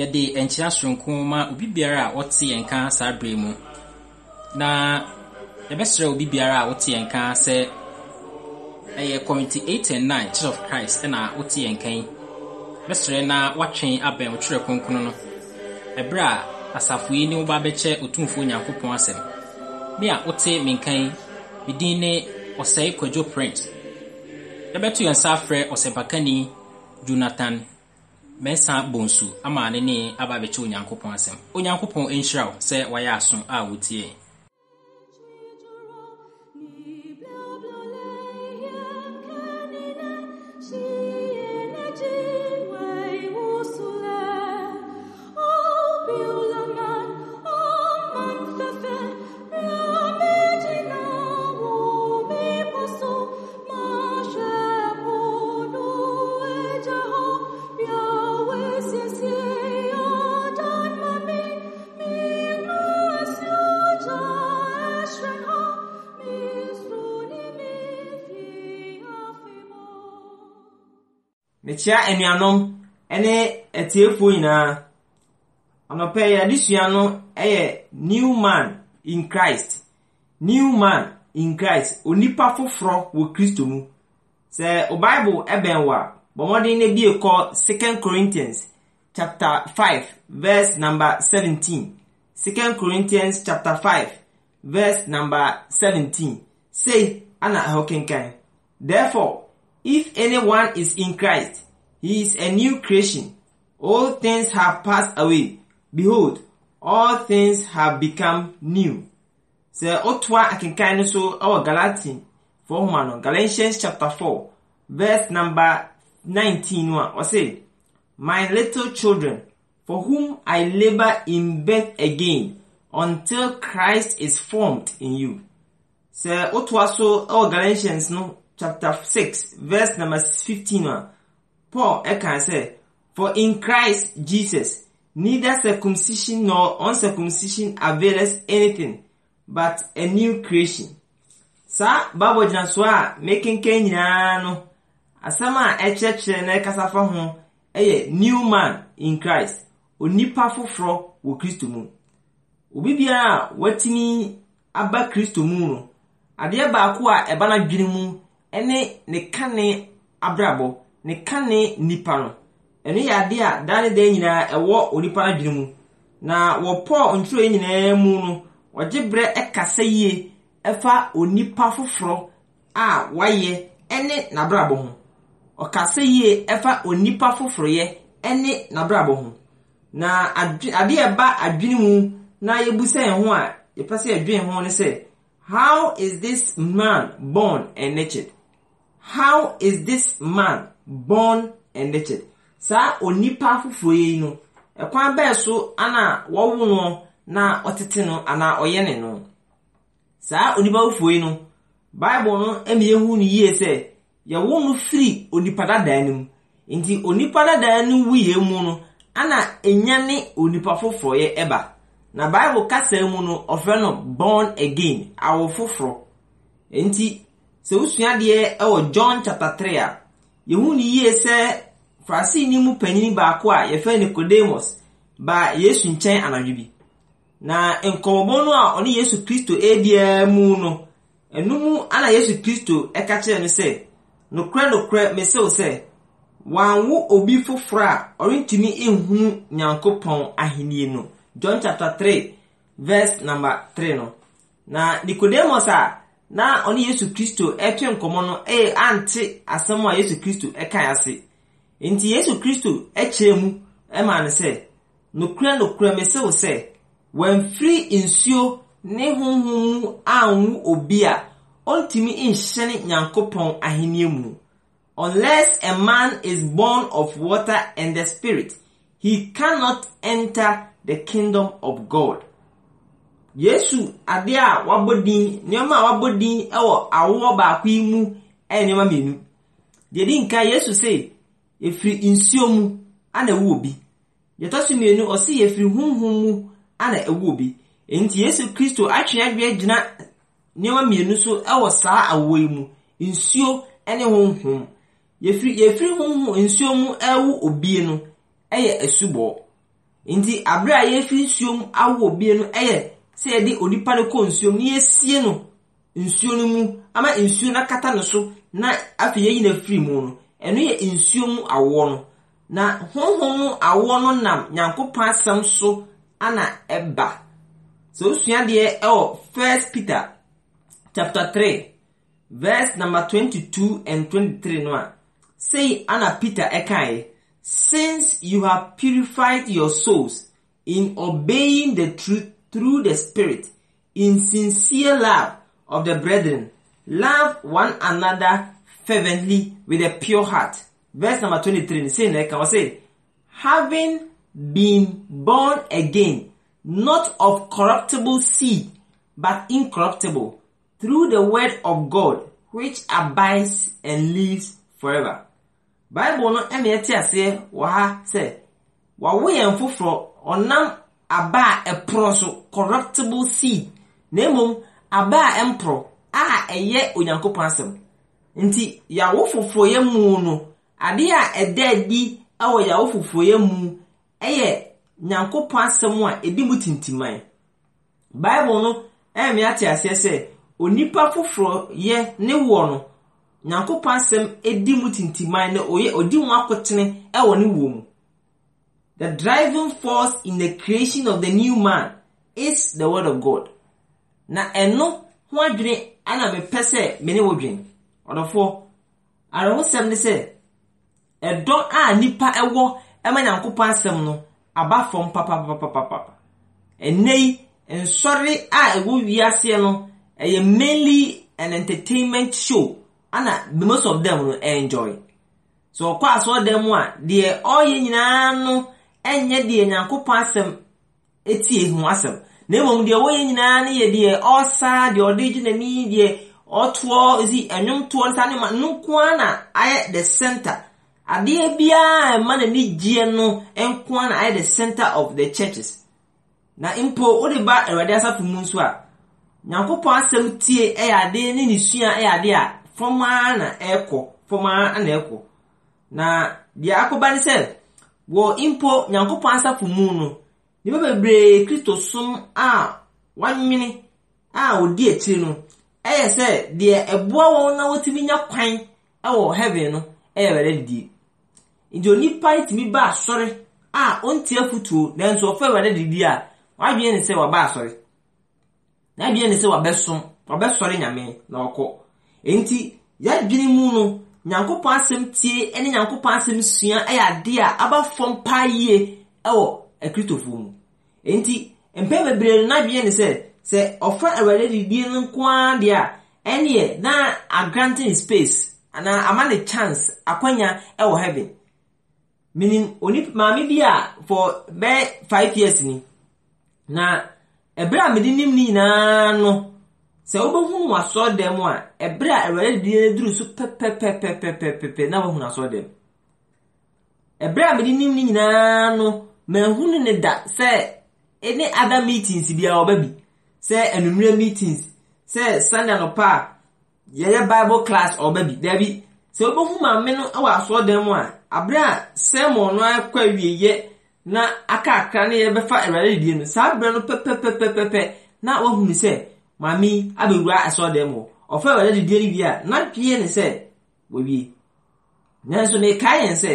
yɛde nkyea soronko ma obi biara a ɔte yɛn ka saa berɛ mu na yɛbɛsrɛ obi biara a wote yɛn ka sɛ ɛyɛ committee 8 and 9 church of christ ɛna yɛn mɛsrɛ na woatwe abɛn wo twerɛ kronkron no ɛberɛ a asafo yi ne woba bɛkyɛ otumfuo onyankopɔn asɛm me a wote menkan me din ne ɔsɛe kwadwo print yɛbɛto yɛn nsa afrɛ ɔsɛmpakani jonathan mɛnsa bonsu ama ne ne aba bɛkyɛ onyankopɔn asɛm onyankopɔn nhyira wo sɛ wayɛ aso a wotiei mehyia anuanom ne atiefoɔ nyinaa anɔpɛ yi adesua no yɛ new man in christ new man in christ onipa foforɔ wɔ kristo mu sɛ o bible bɛn wɔ a bɔ mmɔden na kɔ second corinthians chapter five verse number seventeen second corinthians chapter five verse number seventeen say ana ɛhɔ kenkan therefore if anyone is in christ He is a new creation. All things have passed away. Behold, all things have become new. Sɛ otoa akenkan no so ɛwɔ Galati fɔhoma no Galatians chapter four verse number nineteen no a ɔse My little children for whom I labour in birth again until Christ is formed in you. Sɛ otoa so ɛwɔ Galatians no chapter six verse number fifteen a Paul ɛkan sɛ, For in Christ Jesus, neither circumcision nor uncircumcision avails anything, but a new creation. Saa Bible gyina so a mekenkan nyinaa no, asɛm a ɛkyerɛkyerɛ na ɛkasa fa ho ɛyɛ new man in Christ, onipa foforɔ wɔ Kristo mu. Obi biara a watumi aba Kristo mu no, adeɛ baako a ɛba n'adwene mu ɛne ne kane abrabɔ. ne ka ne nipa no ɛno yɛ adeɛ a daa ne daa nyinaa ɛwɔ onipa no adwene mu na wɔ wɔpɔɔ ntwerɛ nyinaa mu no wɔgye berɛ ɛkasa yie ɛfa onipa foforɔ a wayɛ ɛne n'abrabɔ ho ɔkasa yie ɛfa onipa foforɔ yɛ ɛne n'abrabɔ ho na adeɛ ɛba adwene mu na yɛbusa yɛn ho a yɛpɛ sɛ yɛdwene ho ne sɛ how is this man born and nurtured how is this man born and naked saa onipa foforɔ yi no kwan bɛɛ so ana wɔwo no na ɔtete no anaa ɔyɛ ne no saa onipa foforɔ yi no bible no ɛna ehu no yie sɛ yɛwo no firi onipa dadaa no mu nti onipa dadaa no wuyɛ mu no ana enya ne onipa foforɔ yɛ ɛba na bible kasa mu no ɔfrɛ no born again awo foforɔ nti sɛ wosua deɛ ɛwɔ john chapter three a. yehu ne yie sɛ farisini mu panyin baako a yɛfɛ nicodemus ba yesu nkyɛn anadwo bi na nkɔmmɔbɔ no a ɔne yesu kristo adiaa mu no ɛno ana yesu kristo ɛka kyerɛ no sɛ nokorɛ nokorɛ mesew sɛ wanwo obi foforɔ a ɔrentumi nhunu nyankopɔn ahenni no john chapter 3 verse number 3 no na nicodemus a na ɔne yesu kristo ɛtwe nkɔmɔ no ɛyɛ e, ante asɛm a yesu kristo ɛka ase nti yesu kristo ɛkyerɛ mu ɛma e no sɛ nokura nokura mesew sɛ wɔmfiri nsuo ne honhom mu anwu obi a ɔntumi nhyɛne nyankopɔn ahenni mu unless a man is born of water and the spirit he cannot enter the kingdom of god yesu ade a wabɔ din nneɛma a wabɔ din wɔ awoɔ baako yi mu yɛ nneɛma mmienu deɛ di nka yesu se efiri nsuo mu ana ewu obi yɛtɔ so mmienu ɔsi efiri huhum mu ana ewu obi nti yesu kristo atwe adwene gyina nneɛma mmienu so wɔ saa awoɔ yi mu nsuo ne huhum yefiri yɛfiri huhum nsuo mu ɛwo obi no yɛ asubɔ nti abere a yefiri nsuo mu awo obi no yɛ. sɛ yɛde onipa no kɔ nsuo mu na yɛsie no nsuo no mu ama nsuo no akata no so na afei yɛyi no afiri mu no ɛno yɛ nsuo mu awoɔ no na honhom no awoɔ no nam nyankopɔn asɛm so ana ɛba sɛ wosua deɛ ɛwɔ first peter chapter three verse number twenty two and twenty three no a sei ana peter ɛkaeɛ since you have purified your souls in obeying the truth through the Spirit in sincere love of the brethren. Love one another fervently with a pure heart. Verse number 23, saying, can say, having been born again, not of corruptible seed, but incorruptible, through the word of God, which abides and lives forever. Bible no ɛmɛ ɛte aseɛ wɔ ha sɛ wawo yɛn foforɔ ɔnam aba a ɛporɔ so corruptible seed na mmom aba a ɛmporɔ a ɛyɛ onyankopɔn asɛm nti yàwó foforɔyɛ mu no adeɛ a ɛda adi ɛwɔ yàwó foforɔyɛ mu ɛyɛ nyankopɔn asɛm a ɛdi mu tintiman bible no ɛmɛ ate aseɛ sɛ onipa foforɔ yɛ ne wɔ no nyankopɔn asɛm ɛdi mu tintiman na ɔyɛ ɔdi mu akotene ɛwɔ ne wɔ mu The driving force in the creation of the new man is the word of God. Na ɛno ho adwene ana mepɛ sɛ me ne wo dwen. Ɔdɔfoɔ, awerɛhosɛm ne sɛ ɛdɔ a nnipa ɛwɔ ɛma nyankopɔn asɛm no aba fam papapapapapa. Ɛnɛ yi, nsɔre a ɛwɔ wiaseɛ no ɛyɛ mainly an entertainment show ana most of them no enjoy. So ɔkɔ asɔɔdan mu a deɛ ɔyɛ nyinaa no ɛnyɛ deɛ nyankopɔn asɛm tie ehu asɛm na mmom deɛ wɔyɛ nyinaa no yɛ deɛ ɔsa deɛ ɔde gye n'ani deɛ ɔtoɔ si ɛnwomtoɔ no saa ne ma no nkoa na ayɛ the center adeɛ biara ɛma n'ani gyeɛ no nkoa na ayɛ the center of the churches na mpo wode ba awurade asafo mu nso a nyankopɔn asɛm tie ɛyɛ adeɛ ne ne sua ɛyɛ adeɛ a fɔm ara na ɛkɔ fɔm ara na ɛkɔ na deɛ akɔba ne sɛ wɔ mpo nyankopɔn asafo mu no nnipa bebree kristo som a wɔanwene a wɔdi akyiri no ɛyɛ sɛ deɛ ɛboa wɔn na wɔtumi nya kwan ɛwɔ heaven no ɛyɛ awurade didie nti onipa yi tumi ba asɔre a ɔnti afutuo nanso ɔfa awurade didie a wadwene ne sɛ waba asɔre n'adwene ne sɛ wabɛsom wabɛsɔre nyame na ɔkɔ nti yɛadwene mu no nyankopɔn asɛm tie ɛne nyankopɔn asɛm sua ɛyɛ adeɛ a aba fɔm paa yie ɛwɔ akristofoɔ mu enti mpɛn bebree no n'adwene ne sɛ sɛ ɔfa awurade didie no nko ara deɛ a ɛneɛ na agranting space anaa ama ne chance akwanya ɛwɔ heaven menim onip maame bi a for bɛɛ five years ni na ɛberɛ a mede nim no nyinaa no sɛ wobɛhunu w'asɔɔdɛm a ɛberɛ a awurade de duru so pɛpɛpɛpɛpɛpɛ na woahunu asɔɔdɛm ɛberɛ a mede nim no nyinaa no manhunu ne da sɛ ne other meetings bi sɛ meetings sɛ a yɛyɛ bible class bi daabi sɛ wobɛhu maame no wɔ mu a aberɛ a no akɔ awieyɛ na ne yɛbɛfa awurade no saa berɛ no na sɛ maame abɛwura asɔɔdan mu ɔfrɛ wɔde didie no wie a n'atwie ne sɛ wɔwie nanso ne kae yɛn sɛ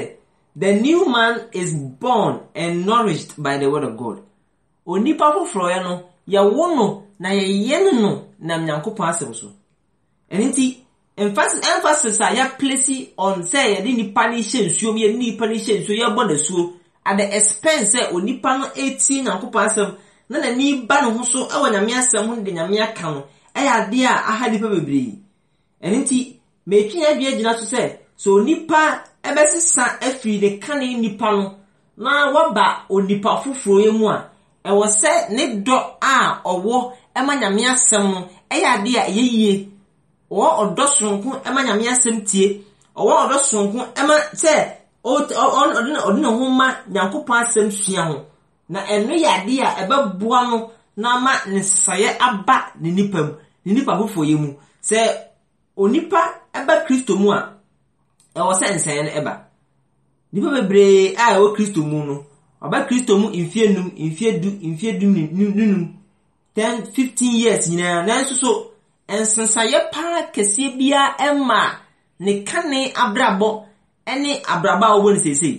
the new man is born and nourished by the word of god onipa foforɔ yɛ no yɛwo no na yɛyɛ no no nam nyankopɔn asɛm so ɛno nti emphasis a yɛplesi on sɛ yɛde nipa no hyɛ nsuom yɛde nipa no hyɛ nsuo yɛbɔ n'asuo at the expense sɛ onipa no etie nyankopɔn asɛm na n'ani ba ne ho so wɔ nyame asɛm ho de nyame aka no ɛyɛ adeɛ a aha nipa bebree ɛno nti metwi adua gyina so sɛ so nipa ɛbɛsesa afiri ne kane nipa no na waba onipa foforɔ yɛ mu a ɛwɔ sɛ ne dɔ a ɔwɔ ɛma nyame asɛm no ɛyɛ adeɛ a ɛyɛ yie ɔwɔ ɔdɔ soronko ɛma nyame asɛm tie ɔwɔ ɔdɔ soronko ɛma sɛ ɔde ne ho ma nyankopɔn asɛm sua ho na ɛno yɛ adeɛ a ɛbɛboa no na ama ne nsesaeɛ aba ne nipa mu ne nipa foforɔ yɛ mu sɛ onipa ɛba kristo mu a ɛwɔ sɛ nsɛeɛ no ɛba nipa bebree a ɛwɔ kristo mu no ɔba kristo mu mfie num mfie du mfie du nunum ten fifteen years nyinaa nanso so nsesaeɛ paa kɛseɛ biara ɛma ne kane abrabɔ ɛne abrabɔ a wɔbɔ ne seesei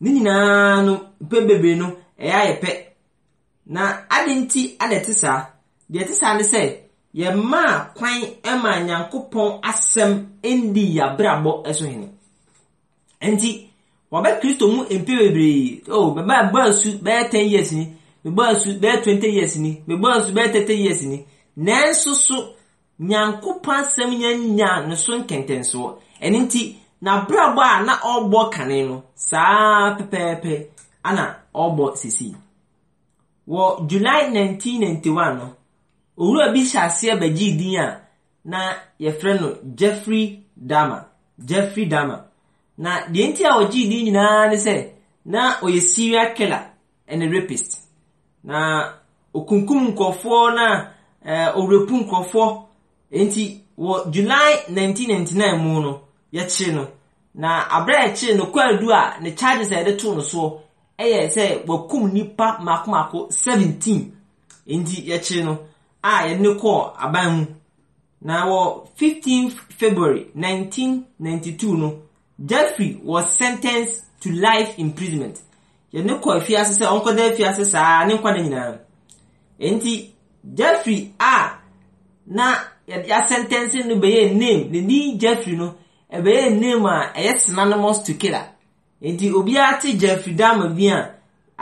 ne nyinaa no mpɛ bebree no ɛyɛ ayɛ pɛ na ade nti ada te saa deɛ te saa ne sɛ yɛmaa kwan ma nyankopɔn asɛm ndi yɛabrabɔ so hene nti wɔbɛ kristo mu mpe bebree o oh, bɛba bɔ asu bɛyɛ ten years ni bɛbɔ asu bɛyɛ twenty years ni bɛbɔ asu bɛyɛ thirty years ni nanso so nyankopɔn asɛm nyanya ne so nkɛntɛnsoɔ ɛno nti n'abrabɔ a na ɔrebɔ kane no saa pɛpɛɛpɛ ana ɔbɔ sisi wɔ july 1991 no owura bi hyɛ aseɛ bɛgye din a na yɛfrɛ no jeffrey dama jeffrey dama na deɛ nti a wɔgye din nyinaa ne sɛ na ɔyɛ serial killer ɛne rapist na okunkum nkurɔfoɔ na ɛɛ ɔwurapu nkurɔfoɔ nti wɔ july 1999 mu no yɛkyere no na abere a yɛkyere no kwaadu a ne charges a yɛde too no soɔ ɛyɛ sɛ wɔkum nipa mako mako seventeen nti yɛkyi no a yɛne kɔɔ aban mu na wɔ fifteen february nineteen ninety two no jeffrey was sentenced to life imprisonment yɛne kɔ afiase sɛ ɔnkɔda afiase saa ne nkwa no nyinaa nti jeffrey a na yɛasɛntɛnse no bɛyɛ name ne din jeffrey no ɛbɛyɛ name a ɛyɛ synonymous to killer nti obiara te jeffrey dama bi a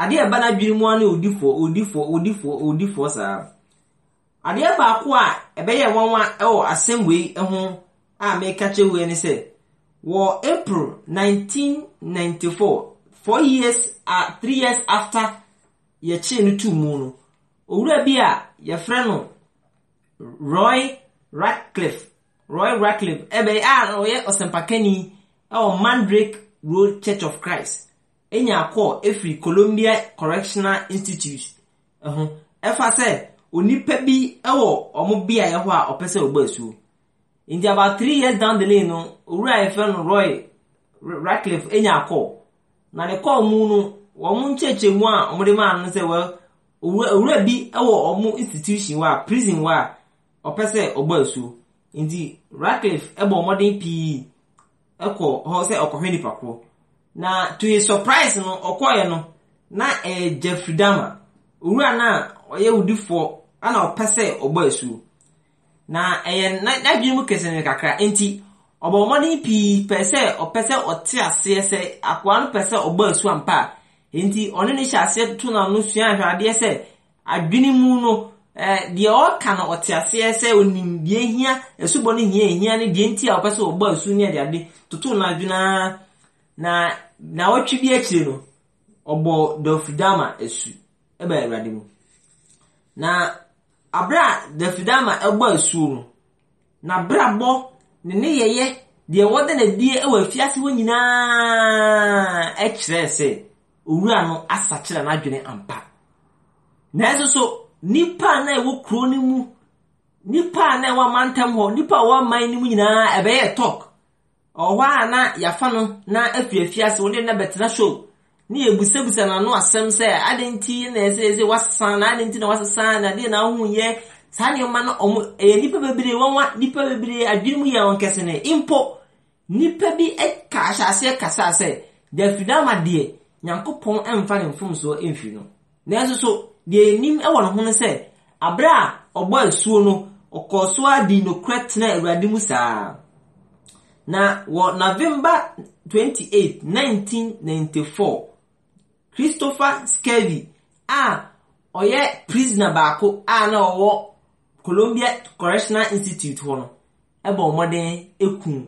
adeɛ ɛba n'adwiri mu ano odifoɔ odifoɔ odifoɔ odifoɔ saa adeɛ baako a ɛbɛyɛ nwanwa ɛwɔ asɛm wei ho a mɛka kyerɛ wei ne sɛ wɔ april 1994 four years uh, three years after yɛkyee no tu mu no owura bi a yɛfrɛ no roy ratcliffe roy ratcliffe ɛbɛyɛ a ɔyɛ ɔsɛmpakani ɛwɔ mandrake ruo church of christ enya call efiri columbia correctional institute ho ɛfa sɛ onipa bi wɔ ɔmo beaeɛ hɔ a ɔpɛ sɛ ɔbɔ asuo nti about three years down the lane no owura yɛfrɛ no roy ratcliffe enya call na ne call mu no wɔn nkyɛnkyɛn mu a wɔde maa no sɛ wɔ owura bi wɔ ɔmo institution hɔ a prison hɔ a ɔpɛ sɛ ɔbɔ asuo nti ratcliffe bɔ ɔmɔden pii kɔ hɔ sɛ ɔkɔhwɛ nipa na to yɛ surprise no ɔkɔɛ no na ɛyɛ jeffrey dama owura no a ɔyɛ wodifoɔ ɛna ɔpɛ sɛ ɔbɔ asuo na ɛyɛ n'adwene mu kɛse no kakra nti ɔbɔ mmɔden pii pɛ sɛ ɔpɛ sɛ ɔte aseɛ sɛ akoa no pɛ sɛ ɔbɔ asuo ampa a nti ɔne ne hyɛ aseɛ to na no sua ahwɛ adeɛ sɛ adwene mu no Eh, deɛ ɔka na ɔte aseɛ sɛ onim deɛ ehia esubɔ no hia ehia ne deɛ nti a ɔpɛ sɛ ɔbɔ esu ne ɛde ade toto na naa na na ɔtwi bi akyire no ɔbɔ dɔfidama esu ɛbɛn e awurade mu na abere a dɔfidama ɛbɔ e esu no na abrabɔ ne ne yɛyɛ deɛ wɔde n'adie ɛwɔ e afiase hɔ nyinaa ɛkyerɛ sɛ owura no asakyerɛ n'adwene ampa na ɛsoso. nnipa na ɛwɔ kuro no mu nnipa na ɛwɔ amantam hɔ nnipa a ɛwɔ aman no mu nyinaa ɛbɛyɛ tɔk ɔwɔ a na yafa no na afiafi ase wɔde na bɛtena show ne yɛbusabusa n'ano asɛm sɛ adeɛ nti na ɛsɛ ɛsɛ wasesa na adeɛ nti na wasesa na adeɛ na ahohu yɛ saa nneɛma no ɔmo ɛyɛ nnipa bebree wɔnwa nnipa bebree adwene mu yɛ wɔn kɛse ne mpo nnipa bi ɛka ahyɛaseɛ kasa sɛ dafidama deɛ nyankopɔn ɛmfa ne mfomsoɔ ɛmfi no nanso so deɛ nim wɔ ne ho no sɛ a ɔbɔ asuo no ọkọ so a di nokorɛ tena awurade mu saa na wọ november 28 1994 christopher skevi a ɔyɛ prisoner baako a na ọwọ colombia correctional institute hɔ no ɛbɔ mmɔden eku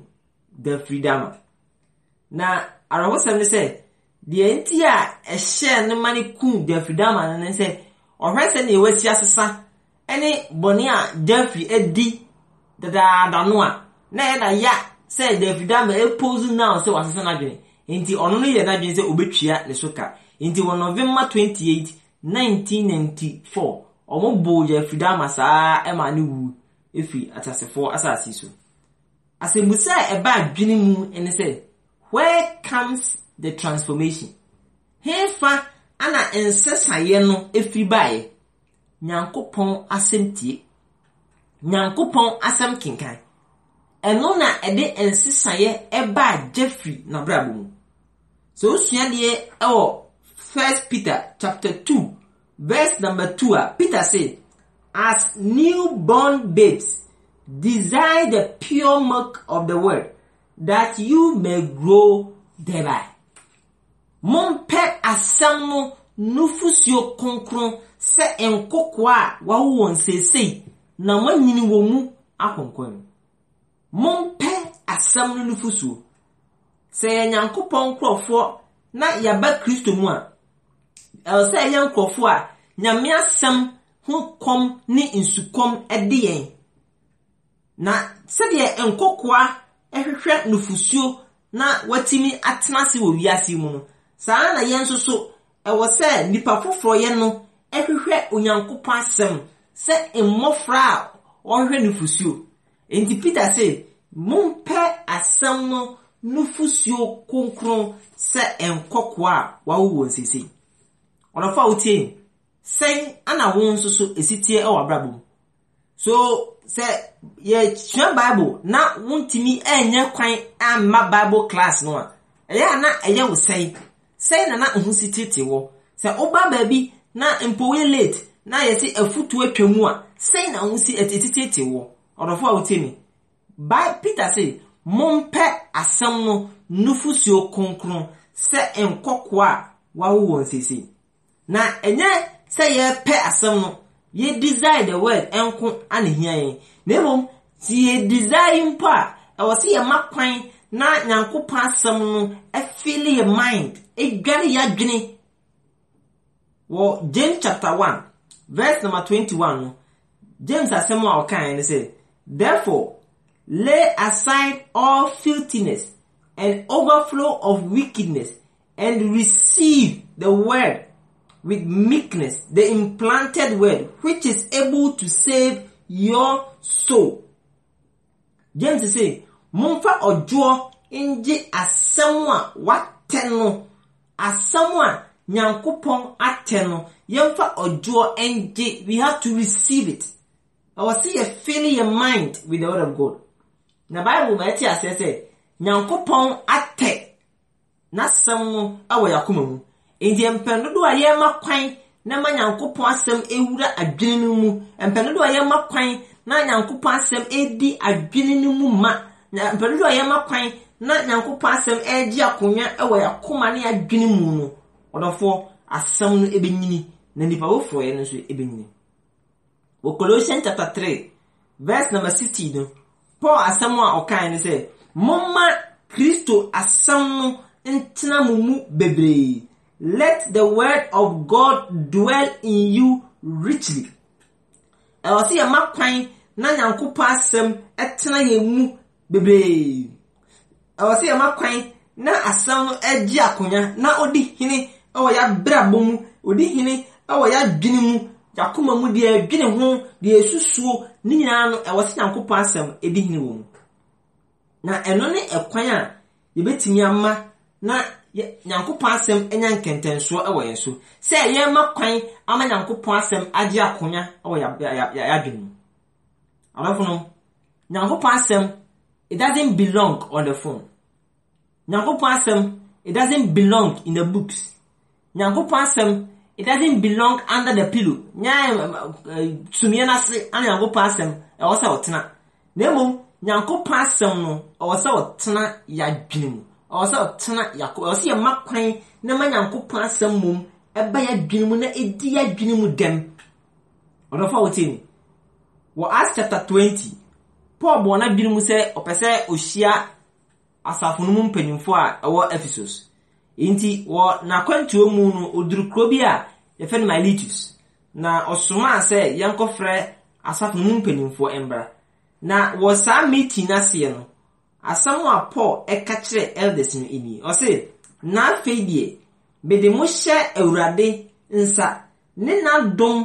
the freedom na arɔbɔsɛm ne deɛ nti a ɛhyɛ ne ma ne ku the freedom ne ne ɔhwɛ sɛ nea wɔasi asesa ne bɔne a dafi adi dadaada no a na ɛyɛ na ya sɛ dafi dama ɛpozu now sɛ wasesa n'adwene nti ɔno no yɛ n'adwene sɛ obɛtua ne so ka nti wɔ november 28 1994 ɔmo boo dafi dama saa ɛma ne wu efi atasefoɔ asase so asɛmbusa a ɛbaa adwene mu ne sɛ where comes the transformation hefa ana nsesaeɛ no efiri baeɛ nyankopɔn asɛm tie nyankopɔn asɛm kenkan ɛno na ɛde nsesaeɛ ɛbaa jeffrey n'abrabɔ mu So osua deɛ ɛwɔ first peter chapter two verse number two a peter say as newborn babes desire the pure milk of the word that you may grow thereby mompɛ asɛm no nufusuo kronkron sɛ nkokoa a wawo wɔn seesei na moanyini wɔn mu akonkɔn mompɛ asɛm no nufusuo sɛ yɛ nyankopɔn nkurɔfoɔ na yɛaba kristo mu a ɛwɔ sɛ ɛyɛ nkurɔfoɔ a nyame asɛm ho kɔm ne nsukɔm de yɛn na sɛdeɛ nkokoa hwehwɛ nufusuo na watumi atena ase wɔ wiase mu no saa na yɛn nso so ɛwɔ sɛ nipa foforɔ yɛ no ɛhwehwɛ onyankopɔn asɛm sɛ mmɔfra a wɔhwehwɛ nufusuo nti peter se mompɛ asɛm no nufusuo kronkron sɛ nkɔkoa a wawo wɔn sese ɔnɔfo a wotie sɛn ana wɔn nso so esitie ɛwɔ abrabɔ mu so sɛ yɛtua bible na wontumi ɛnyɛ kwan amma bible class no a ɛyɛ ana ɛyɛ wo sɛn sɛn na na ho si tete wɔ sɛ woba baabi na mpo we late na yɛsi afutuo atwa mu a sɛn na ho si tete wɔ ɔdɔfo a wote mi ba peter se mompɛ asɛm no nufusuo kronkron sɛ nkɔkoa a wawo wɔn sese na ɛnyɛ sɛ yɛpɛ asɛm no yɛ desire the word nko ana hia yɛn na mmom sɛ yɛ desire mpo a ɛwɔ sɛ yɛma kwan na nyankopɔn asɛm no afili yɛ mind edware yɛ adwene wɔ james chapter one verse number twenty one no james asɛm a ɔkaeɛ no sɛ therefore lay aside all filthiness and overflow of wickedness and receive the word with meekness the implanted word which is able to save your soul james say momfa ɔdwoɔ ngye asɛm a watɛ no asɛm a nyankopɔn atɛ no yɛmfa ɔdwoɔ ngye we have to receive it ɛwɔ sɛ yɛfili your mind with the word of god na bible ma ɛte aseɛ sɛ nyankopɔn atɛ n'asɛm no wɔ yɛakoma mu nti mpɛn dodoɔ a yɛrema kwan na ma nyankopɔn asɛm ewura adwene no mu mpɛn dodoɔ a yɛrema kwan na nyankopɔn asɛm edi adwene no mu ma na mpanyinfo a yɛma kwan na nyankopɔn asɛm ɛregye akonnwa wɔ akoma ne adwene mu no ɔdɔfoɔ asɛm no ɛbɛnyini na nipa wofoɔ no nso ɛbɛnyini wɔ colossian chapter three verse number sixteen. no paul asɛm a ɔkae no sɛ momma kristo asɛm no ntena mo mu bebree let the word of god dwell in you richly ɛwɔ sɛ yɛma kwan na nyankopɔn asɛm ɛtena yɛn mu bebree ɛwɔ sɛ yɛma kwan na asɛm no agye akonnwa na ɔdi hene ɛwɔ yɛabrabɔ mu ɔdi hene ɛwɔ yɛadwene mu yɛakoma mu deɛ adwene ho deɛ ɛsusuo ne nyinaa no ɛwɔ sɛ nyankopɔn asɛm ɛdi hene wɔ mu na ɛno ne ɛkwan a yɛbɛtumi ama na nyankopɔn asɛm anya nkɛntɛnsoɔ wɔ yɛn so sɛ yɛma kwan ama nyankopɔn asɛm agye akonnwa wɔ yɛadwene mu adɔfo no nyankopɔn asɛm it doesn't belong on the phone nyankopɔn asɛm it doesn't belong in the books nyankopɔn asɛm it doesn't belong under the pillow nyɛ eh, eh, sumiɛ n'ase ana nyankopɔn asɛm ɛwɔ sɛ ɔtena na mmom nyankopɔn asɛm no ɛwɔ sɛ ɔtena yadwene mu ɛwɔ sɛ ɔtena yakɔ ɛwɔ sɛ yɛma kwan na ma nyankopɔn asɛm mom ɛba yadwene mu na edi yadwene mu dɛm ɔdɔfo a wɔte ni wɔ acts chapter twenty. paul bụ n'adwene mu sɛ ɔpɛ sɛ ɔhyia asafo no mu a ɛwɔ ephesus nti wɔ n'akwantuo mu no oduru kuro bi a yɛfɛ no miletus na ɔsomaa sɛ yɛnkɔfrɛ asafo no mu mpanyimfoɔ na wɔ saa meeting n'aseɛ no asɛm a paul ɛka kyerɛ elders no ni ɔse na afei deɛ mede mo hyɛ ewurade nsa ne na dɔm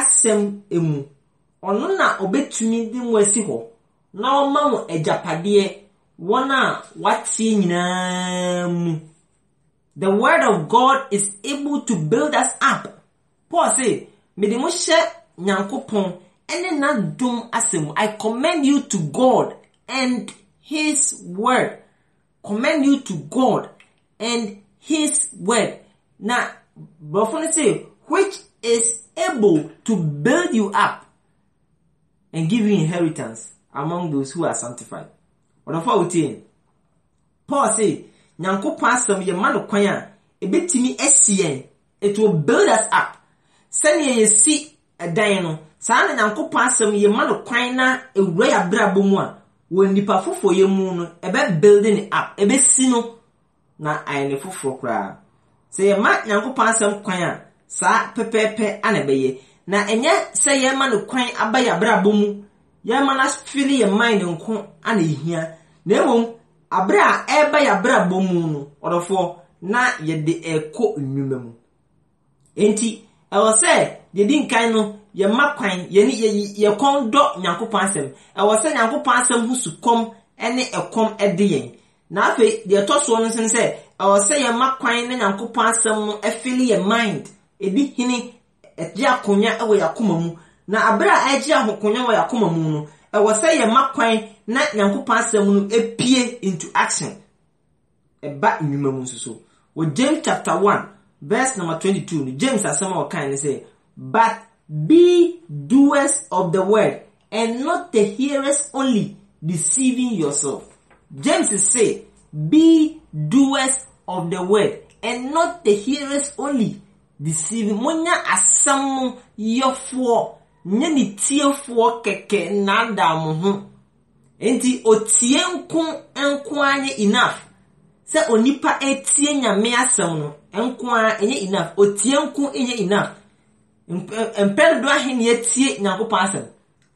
asɛm emu ɔno na ɔbɛtumi de mo asi hɔ na ɔma wɔn agyapadeɛ wɔn a watie nyinaa mu the word of god is able to build us up paul say mede mo hyɛ nyankopɔn ɛne n'adom asɛm i commend you to god and his word commend you to god and his word na borɔfo no say which is able to build you up and give you inheritance among those who are sanctified ɔdɔfo a wotie paul say nyankopɔn asɛm yɛ ma no kwan a ebetumi asi yɛn it will build us up sɛnea yɛsi ɛdan no saa na nyankopɔn asɛm yɛ ma no kwan na ewura yɛ abrabɔ mu a wɔ nipa foforɔ yɛ mu no ɛbɛ build ne up ebesi no na ayɛ ne foforɔ koraa sɛ yɛ ma nyankopɔn asɛm kwan a saa pɛpɛɛpɛ ana ɛbɛyɛ na ɛnyɛ sɛ yɛma no kwan aba yɛ abrabɔ mu yɛma no afili yɛ mind nko ana ɛhia na mmom aberɛ a ɛreba yɛ abrabɔ mu no ɔdɔfoɔ na yɛde ɛrekɔ nnwuma mu enti ɛwɔ sɛ yɛdi nkan no yɛma kwan yɛne yɛkɔn dɔ nyankopɔn asɛm ɛwɔ sɛ nyankopɔn asɛm ho sukɔm ne ɛkɔm de yɛn na afei deɛ ɛtɔ soɔ no nso sɛ ɛwɔ sɛ yɛma kwan na nyankopɔn asɛm no afili yɛ mind ɛdi hene ɛgye akonnwa wɔ yɛakoma mu na abere a ɛgye ahokonya wɔ yɛakoma mu no ɛwɔ sɛ yɛma kwan na nyankopɔn asɛm no epie into action ɛba nnwuma mu nso so wɔ james chapter one verse number twenty two no james asɛm a ɔkan ne sɛ but be doers of the word and not the hearers only deceiving yourself james say be doers of the word and not the hearers only deceiving mo nya asɛm no yɛfoɔ nyɛ ne tiefoɔ kɛkɛ nnaadaa mo ho nti otie nko nko ara nyɛ enough sɛ onipa etie nyame asɛm no nko ara e nyɛ enough otie nko e nyɛ enough mpɛn eh, do ahe na yɛtie e nyankopɔn asɛm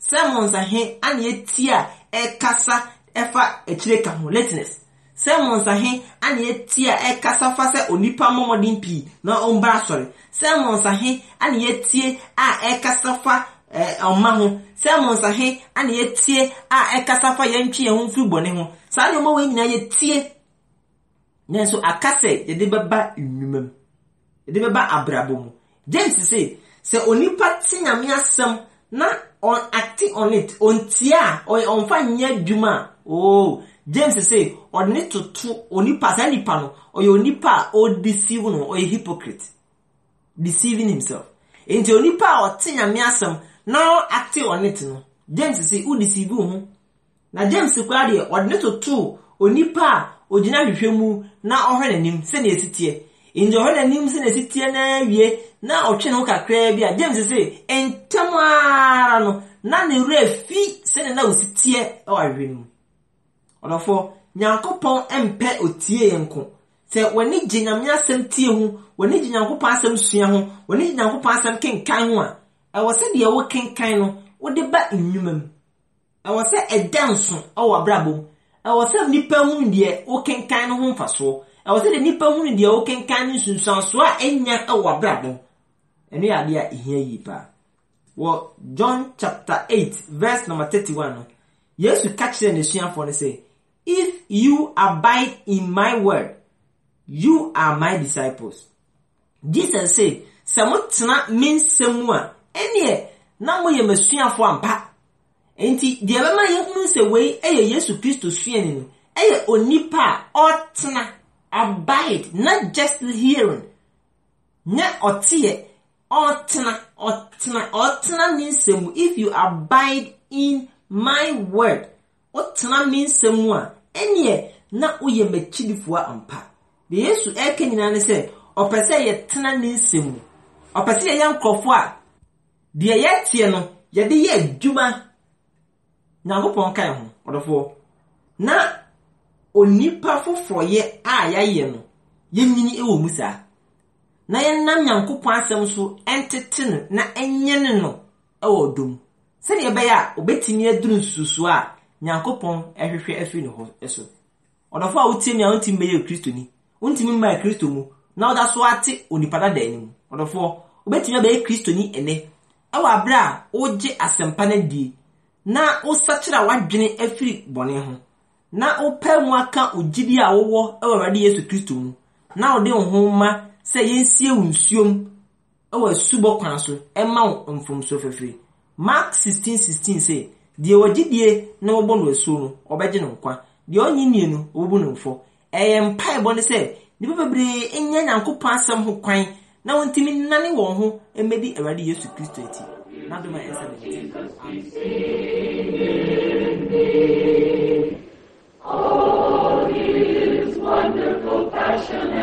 sermons ahe ana yɛtie a ɛkasa ɛfa akyire ka ho lateness sermons ahe ana yɛtie a ɛkasa fa sɛ onipa mmɔmɔden pii na ɔmbra asɔre sermons ahe ana yɛtie a ɛkasa fa ọma ho sermons he a yɛtie a ɛkasa fa yɛntwe yɛn ho mfiri bɔne ho saa nneɛma wei nyinaa yɛtie nanso aka yɛde bɛba nnwuma mu yɛde bɛba abrabɔ mu james sɛ sɛ onipa te nyame asɛm na on acting on it ontie a ɔmfa nyɛ adwuma oo james sɛ ɔde ne toto onipa saa nipa no ɔyɛ onipa a ɔdeceive no ɔyɛ hypocrite deceiving himself nti onipa a ɔte nyame asɛm now acting on it no james sị wụ deceive mụ na james koraa deɛ ɔde ne toto onipa a ogyina hwehwɛ mu na ɔhwɛ n'anim sɛnea esi teɛ nti ɔhwɛ n'anim sɛnea esi na n'awie na ɔtwe ne ho kakraa bi a james sị ntɛm ara no na ne wura fi sɛnea na osi teɛ ɛwɔ ahwehwɛ no mu ɔdɔfo nyankopɔn mpɛ otie yɛn ko sɛ wɔne gye nyame asɛm tie ho wɔne gye nyankopɔn asɛm sua ho wɔne gye nyankopɔn asɛm kenkan ho a ɛwɔ sɛ deɛ wokenkan no wode ba nnwuma mu ɛwɔ sɛ ɛda nso ɛwɔ abrabɔ mu ɛwɔ sɛ nipa hunu deɛ wokenkan no ho mfasoɔ ɛwɔ sɛ deɛ nipa hunu deɛ wokenkan no nsunsuansoɔ a ɛnya ɛwɔ abrabɔ ɛno yɛ adeɛ a ɛhia yie paa wɔ john chapter eight verse number thirty-one no yesu ka kyerɛ n'asuafoɔ no sɛ if you abide in my word you are my disciples jesus say sɛ mo tena me nsɛm mu a ɛneɛ na mo moyɛ m'asuafoɔ ampa nti deɛ ɛbɛma yɛhunu sɛ wei yɛ yesu kristo suani no ɛyɛ onipa a ɔtena abide not just hearing nyɛ ɔteɛ ɔtena ɔtena ɔtena ne nsɛm if you abide in my word ɔtena me nsɛm a ɛneɛ na woyɛ m'akyidifoɔ ampa deɛ yesu ɛka nyinaa ne sɛ ɔpɛ sɛ yɛtena ne nsɛm ɔpɛ sɛ yɛyɛ nkurɔfoɔ a deɛ yɛteɛ no yɛde yɛ adwuma nyankopɔn kae ho ɔdɔfoɔ na onipa foforɔyɛ a yɛayɛ no yɛnyini wɔ mu saa na yɛnam nyankopɔn asɛm so ɛntete no na ɛnyɛne no wɔ ɔdɔ sɛdeɛ ɛbɛyɛ a obɛtumi aduru nsusu a nyankopɔn hwehwɛ afiri ne hɔ so ɔdɔfo a wotie mi a wontumi bɛyɛ kristoni wontumi mmaa kristo mu na ɔda so ate onipa dada anim ɔdɔfoɔ obɛtumi abɛyɛ kristoni ɛnɛ ɛwɔ abere a wogye asɛmpa no die na wosakyere a w'adwene afiri bɔne ho na wopɛ mu aka ogyidi a wowɔ ɛwɔ awurade yesu kristo mu na wode wo ho ma sɛ yɛnsie wo nsuom ɛwɔ asubɔ kwan so ɛma wo mfomso fɛfiri mark 16:16 sɛ deɛ wɔgyidie na wɔbɔ no asuo no ɔbɛgye no nkwa deɛ ɔnyi nie no ɔbɛbu no mfɔ ɛyɛ mpaebɔ ne sɛ nnipa bebree nyɛ nyankopɔn asɛm ho kwan na wɔntumi nnane wɔn ho mmɛdi awurade yesu kristo akyi na doma ɛnsa All his wonderful passion